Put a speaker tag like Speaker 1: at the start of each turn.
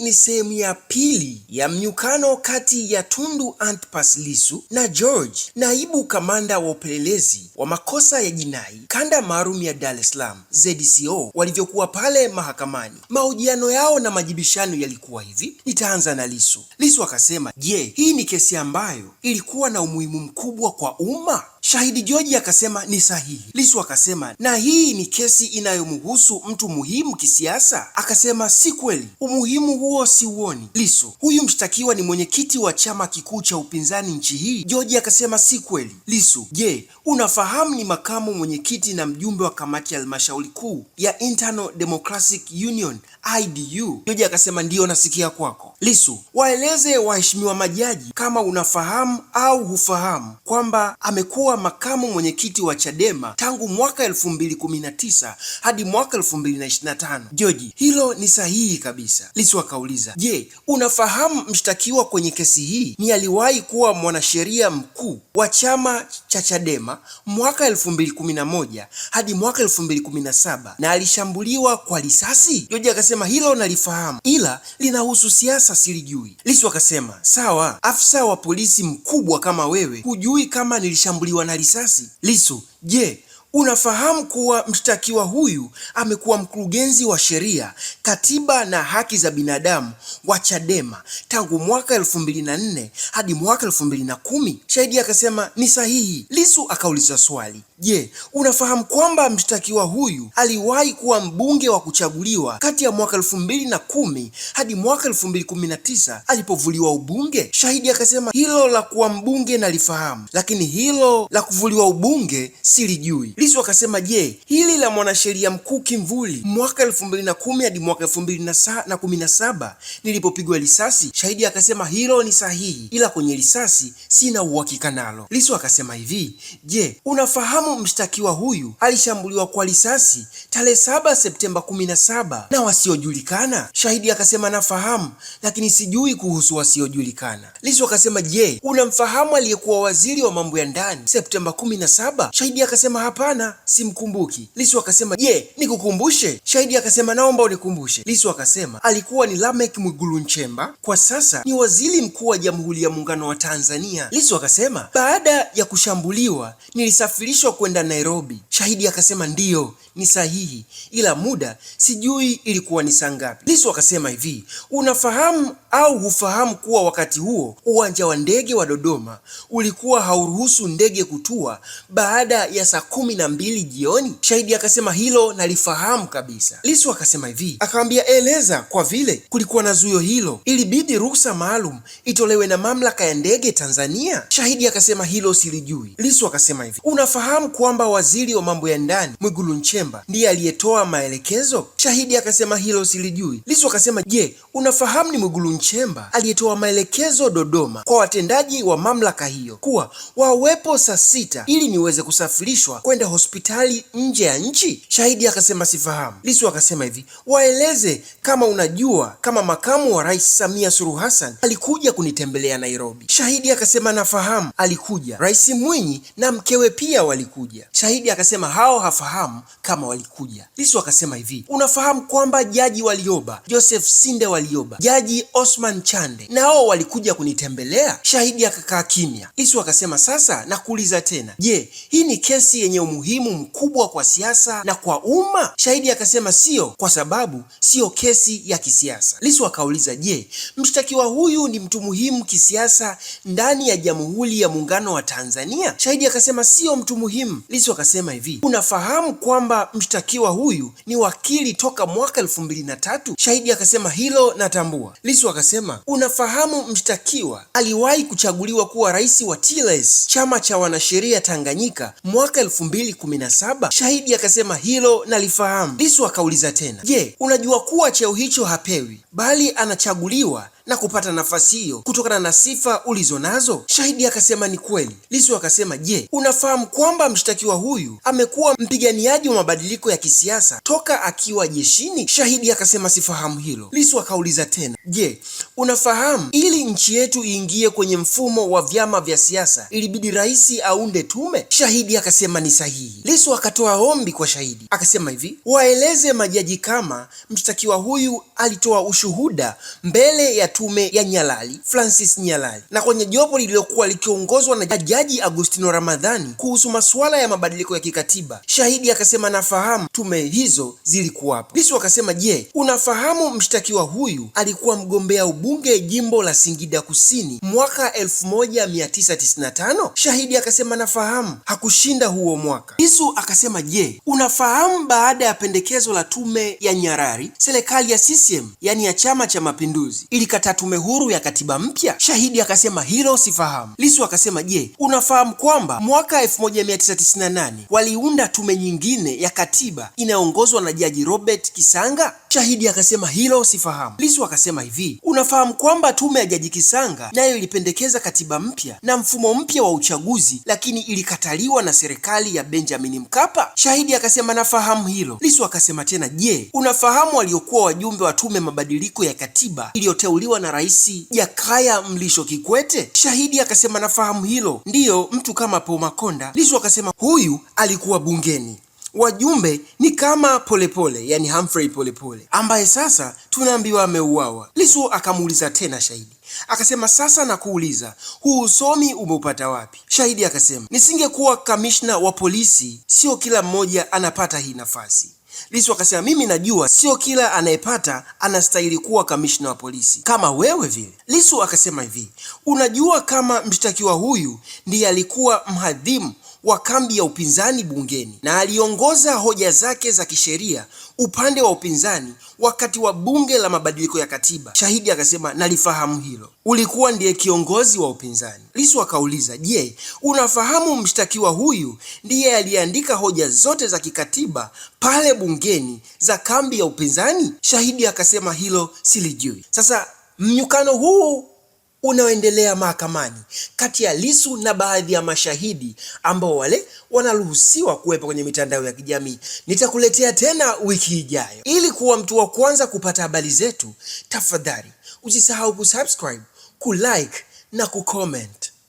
Speaker 1: ni sehemu ya pili ya mnyukano kati ya Tundu Antipas Lissu na George, naibu kamanda wa upelelezi wa makosa ya jinai kanda maalum ya Dar es Salaam ZCO, walivyokuwa pale mahakamani. Mahojiano yao na majibishano yalikuwa hivi. Nitaanza na Lissu. Lissu akasema, je, hii ni kesi ambayo ilikuwa na umuhimu mkubwa kwa umma? Shahidi George akasema ni sahihi. Lissu akasema na hii ni kesi inayomhusu mtu muhimu kisiasa, akasema si kweli, umuhimu huo siuoni. Lissu: huyu mshtakiwa ni mwenyekiti wa chama kikuu cha upinzani nchi hii. George akasema si kweli. Lissu: je, unafahamu ni makamu mwenyekiti na mjumbe wa kamati ya halmashauri kuu ya Internal Democratic Union IDU? George akasema ndiyo, nasikia kwako. Lissu: waeleze waheshimiwa majaji kama unafahamu au hufahamu kwamba amekuwa amekuwa makamu mwenyekiti wa Chadema tangu mwaka 2019 hadi mwaka 2025. George, hilo ni sahihi kabisa. Lissu akauliza, je, unafahamu mshtakiwa kwenye kesi hii ni aliwahi kuwa mwanasheria mkuu wa chama cha Chadema mwaka 2011 hadi mwaka 2017 na alishambuliwa kwa risasi? George akasema hilo nalifahamu, ila linahusu siasa silijui. Lissu akasema sawa, afisa wa polisi mkubwa kama wewe hujui kama nilishambuliwa na risasi Lissu. Je, Unafahamu kuwa mshtakiwa huyu amekuwa mkurugenzi wa sheria, katiba na haki za binadamu wa Chadema tangu mwaka 2004 hadi mwaka 2010. Shahidi akasema ni sahihi. Lissu akauliza swali, je, unafahamu kwamba mshtakiwa huyu aliwahi kuwa mbunge wa kuchaguliwa kati ya mwaka 2010 hadi mwaka 2019 alipovuliwa ubunge? Shahidi akasema hilo la kuwa mbunge nalifahamu, lakini hilo la kuvuliwa ubunge silijui. Lissu akasema, je, hili la mwanasheria mkuu Kimvuli mwaka elfu mbili na kumi hadi mwaka elfu mbili na kumi na saba nilipopigwa risasi. Shahidi akasema hilo ni sahihi, ila kwenye risasi sina uhakika nalo. Lissu akasema hivi, je, unafahamu mshtakiwa huyu alishambuliwa kwa risasi tarehe 7 Septemba 17 na wasiojulikana? Shahidi akasema nafahamu, lakini sijui kuhusu wasiojulikana. Lissu akasema, je, unamfahamu aliyekuwa waziri wa mambo ya ndani Septemba 17? Shahidi akasema hapana hapana, simkumbuki. Lisu akasema je, yeah, nikukumbushe? Shahidi akasema naomba unikumbushe. Lisu akasema alikuwa ni Lamek Mwigulu Nchemba, kwa sasa ni waziri mkuu wa Jamhuri ya Muungano wa Tanzania. Lisu akasema baada ya kushambuliwa nilisafirishwa kwenda Nairobi. Shahidi akasema ndiyo, ni sahihi, ila muda sijui ilikuwa ni saa ngapi. Lisu akasema hivi, unafahamu au hufahamu kuwa wakati huo uwanja wa ndege wa Dodoma ulikuwa hauruhusu ndege kutua baada ya saa kumi na mbili jioni? Shahidi akasema hilo nalifahamu kabisa. lisu akasema hivi, akamwambia eleza, kwa vile kulikuwa na zuio hilo ilibidi ruhusa maalum itolewe na mamlaka ya ndege Tanzania. Shahidi akasema hilo silijui. Lisu akasema hivi, unafahamu kwamba waziri wa mambo ya ndani Mwigulu Nchemba ndiye aliyetoa maelekezo? Shahidi akasema hilo silijui. Lisu akasema je, unafahamu ni Mwigulu Nchemba aliyetoa maelekezo Dodoma kwa watendaji wa mamlaka hiyo kuwa wawepo saa sita ili niweze kusafirishwa kwenda hospitali nje ya nchi? Shahidi akasema sifahamu. lisu akasema hivi, waeleze kama unajua kama makamu wa rais Samia Suluhu Hassan alikuja kunitembelea Nairobi. Shahidi akasema nafahamu, alikuja Rais Mwinyi na mkewe pia walikuja. Shahidi akasema hao hafahamu kama walikuja. lisu akasema hivi, unafahamu kwamba Jaji Walioba, Joseph Sinde Walioba, Jaji Osman Chande nao walikuja kunitembelea? Shahidi akakaa kimya. lisu akasema sasa nakuuliza tena, je, hii ni kesi yenye umuhimu umuhimu mkubwa kwa siasa na kwa umma? Shahidi akasema sio, kwa sababu siyo kesi ya kisiasa. Lissu akauliza, je, mshtakiwa huyu ni mtu muhimu kisiasa ndani ya Jamhuri ya Muungano wa Tanzania? Shahidi akasema sio mtu muhimu. Lissu akasema hivi, unafahamu kwamba mshtakiwa huyu ni wakili toka mwaka elfu mbili na tatu? Shahidi akasema hilo natambua. Lissu akasema unafahamu mshtakiwa aliwahi kuchaguliwa kuwa rais wa TLS, chama cha wanasheria Tanganyika, mwaka elfu mbili 217. Shahidi akasema hilo nalifahamu. Lissu akauliza tena, je, unajua kuwa cheo hicho hapewi bali anachaguliwa na kupata nafasi hiyo kutokana na sifa ulizo nazo? Shahidi akasema ni kweli. Lissu akasema je, unafahamu kwamba mshtakiwa huyu amekuwa mpiganiaji wa mabadiliko ya kisiasa toka akiwa jeshini? Shahidi akasema sifahamu hilo. Lissu akauliza tena, je, unafahamu ili nchi yetu iingie kwenye mfumo wa vyama vya siasa ilibidi rais aunde tume? Shahidi akasema ni sahihi. Lissu akatoa ombi kwa shahidi akasema hivi, waeleze majaji kama mshtakiwa huyu alitoa ushuhuda mbele ya tume ya Nyalali Francis Nyalali na kwenye jopo lililokuwa likiongozwa na Jaji Agustino Ramadhani kuhusu masuala ya mabadiliko ya kikatiba. Shahidi akasema nafahamu tume hizo zilikuwapo. Lissu akasema, je, unafahamu mshtakiwa huyu alikuwa mgombea ubunge jimbo la Singida Kusini mwaka 1995? Shahidi akasema nafahamu, hakushinda huo mwaka. Lissu akasema, je, unafahamu baada ya pendekezo la tume ya Nyalali serikali ya CCM yani ya Chama cha Mapinduzi ilika kuikataa tume huru ya katiba mpya? Shahidi akasema hilo sifahamu. Lisu akasema je, unafahamu kwamba mwaka 1998 waliunda tume nyingine ya katiba inayoongozwa na Jaji Robert Kisanga? Shahidi akasema hilo sifahamu. Lisu akasema hivi, unafahamu kwamba tume ya Jaji Kisanga nayo ilipendekeza katiba mpya na mfumo mpya wa uchaguzi, lakini ilikataliwa na serikali ya Benjamin Mkapa? Shahidi akasema nafahamu hilo. Lisu akasema tena, je, unafahamu waliokuwa wajumbe wa tume mabadiliko ya katiba iliyoteuliwa alichaguliwa na Rais Jakaya Mlisho Kikwete? Shahidi akasema nafahamu hilo, ndiyo mtu kama Paul Makonda. Lissu akasema huyu alikuwa bungeni wajumbe ni kama Polepole pole, yani Humphrey Polepole ambaye sasa tunaambiwa ameuawa. Lissu akamuuliza tena shahidi akasema, sasa nakuuliza, huu usomi umeupata wapi? Shahidi akasema, nisingekuwa kamishna wa polisi, sio kila mmoja anapata hii nafasi. Lissu akasema mimi najua sio kila anayepata anastahili kuwa kamishna wa polisi kama wewe vile. Lissu akasema hivi, unajua kama mshtakiwa huyu ndiye alikuwa mhadhimu wa kambi ya upinzani bungeni na aliongoza hoja zake za kisheria upande wa upinzani wakati wa bunge la mabadiliko ya katiba. Shahidi akasema nalifahamu hilo, ulikuwa ndiye kiongozi wa upinzani. Lissu akauliza, je, unafahamu mshtakiwa huyu ndiye aliyeandika hoja zote za kikatiba pale bungeni za kambi ya upinzani? Shahidi akasema hilo silijui. Sasa mnyukano huu unaoendelea mahakamani kati ya Lissu na baadhi ya mashahidi ambao wale wanaruhusiwa kuwepo kwenye mitandao ya kijamii. Nitakuletea tena wiki ijayo. Ili kuwa mtu wa kwanza kupata habari zetu, tafadhali usisahau kusubscribe, kulike na kucomment.